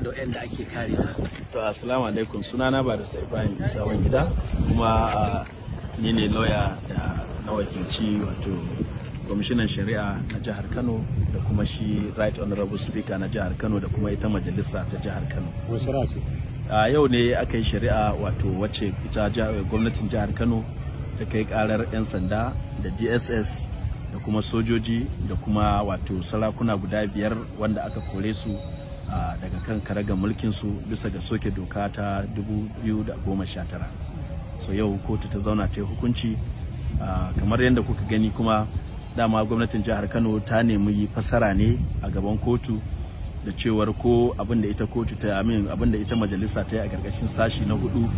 ƙasa da ake kare To assalamu alaikum sunana ba da Sabon Gida kuma ni ne lauya da na wakilci wato kwamishinan shari'a na jihar Kano da kuma shi right honorable speaker na jihar Kano da kuma ita majalisa ta jihar Kano. A yau ne aka yi shari'a wato wacce ita gwamnatin jihar Kano ta kai karar 'yan sanda da DSS da kuma sojoji da kuma wato sarakuna guda biyar wanda aka kore su daga kan mulkin su bisa ga soke doka ta 2019 so yau kotu ta zauna ta yi hukunci kamar yadda kuka gani kuma dama gwamnatin jihar kano ta nemi yi fasara ne a gaban kotu da cewar ko abin da ita kotu ta amin abin da ita majalisa ta yi a gargashin sashi na hudu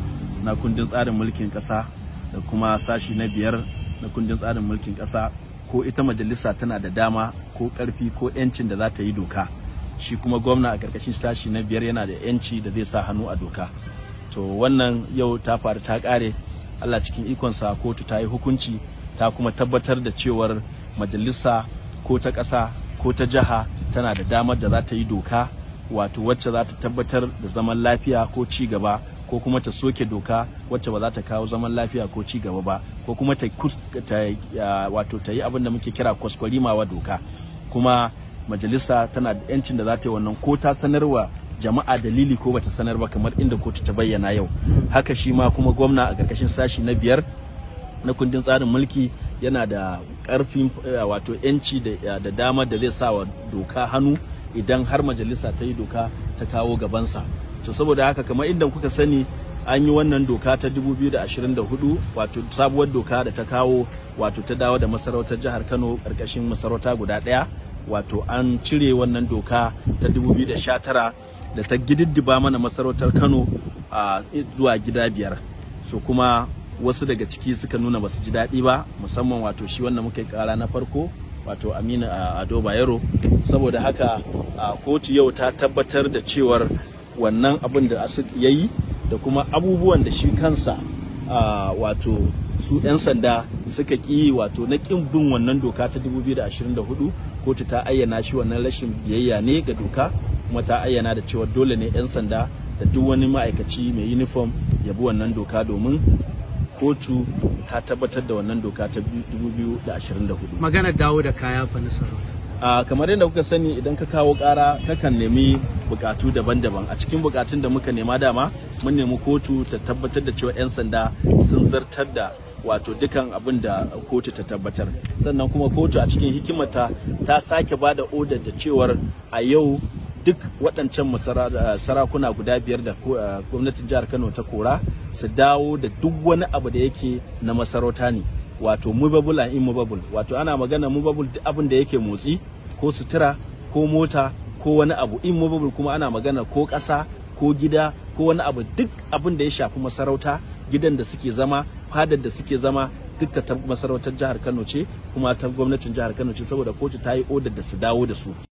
na kundin tsarin mulkin kasa da kuma sashi na biyar na kundin tsarin mulkin kasa ko ita majalisa tana da dama ko karfi ko yancin da za ta yi doka shi kuma gwamna a karkashin sashi na biyar yana da yanci da zai sa hannu a doka to wannan yau ta faru ta kare allah cikin ikonsa kotu ta yi hukunci ta kuma tabbatar da cewar majalisa ko ta ƙasa ko ta jiha tana da damar da za ta yi doka wato wacce za ta tabbatar da zaman lafiya ko ci gaba ko kuma ta soke doka wacce ba za ta kawo zaman lafiya ko ci gaba ba ko kuma ta wato ta yi abin da muke kira kwaskwarimawa doka kuma majalisa tana da yancin da za ta yi wannan ko ta sanarwa jama'a dalili ko bata sanar ba kamar inda kotu ta bayyana yau haka shi ma kuma gwamna a ƙarƙashin sashi na biyar na kundin tsarin mulki yana da ƙarfin eh, wato yanci eh, da dama da zai sa wa doka hannu idan har majalisa ta yi doka ta kawo gabansa to saboda haka kamar inda kuka sani an yi wannan doka ta 2024 wato sabuwar doka da ta kawo wato ta dawo da masarautar jihar kano ƙarƙashin masarauta guda ɗaya wato an cire wannan doka ta 2019 da ta gididdiba mana masarautar kano a zuwa gida biyar so kuma wasu daga ciki suka nuna basu ji daɗi ba musamman wato shi wanda muka yi kara na farko wato aminu ado bayero saboda haka kotu yau ta tabbatar da cewar wannan abin da ya yi da kuma abubuwan da shi kansa wato su 'yan sanda suka ƙi wato na ƙin bin wannan doka ta 2024 kotu ta ayyana shi wannan rashin biyayya ne ga doka kuma ta ayyana da cewa dole ne 'yan sanda da duk wani ma'aikaci mai uniform ya bi wannan doka domin kotu ta tabbatar da wannan doka ta 2024 magana dawo da kaya fa na sarauta a kamar yadda kuka sani idan ka kawo kara kakan nemi bukatu daban-daban a cikin bukatun da muka nema dama mun nemi kotu ta tabbatar da cewa 'yan sanda sun zartar da wato dukan abin da kotu ta tabbatar sannan kuma kotu a cikin hikimata ta sake ba da odar da cewar a yau duk waɗancan eh, sarakuna guda biyar da eh, gwamnatin jihar kano ta kora su dawo da duk wani abu da yake na masarauta ne wato movable and immovable wato ana magana movable duk abin da yake motsi ko sutura ko mota ko wani abu immovable kuma ana magana ko ƙasa ko gida ko wani abu duk abin da ya shafi masarauta gidan da suke zama fadar da suke zama duka ta masarautar jihar Kano ce kuma ta gwamnatin jihar Kano ce saboda kotu ta yi odar da su dawo da su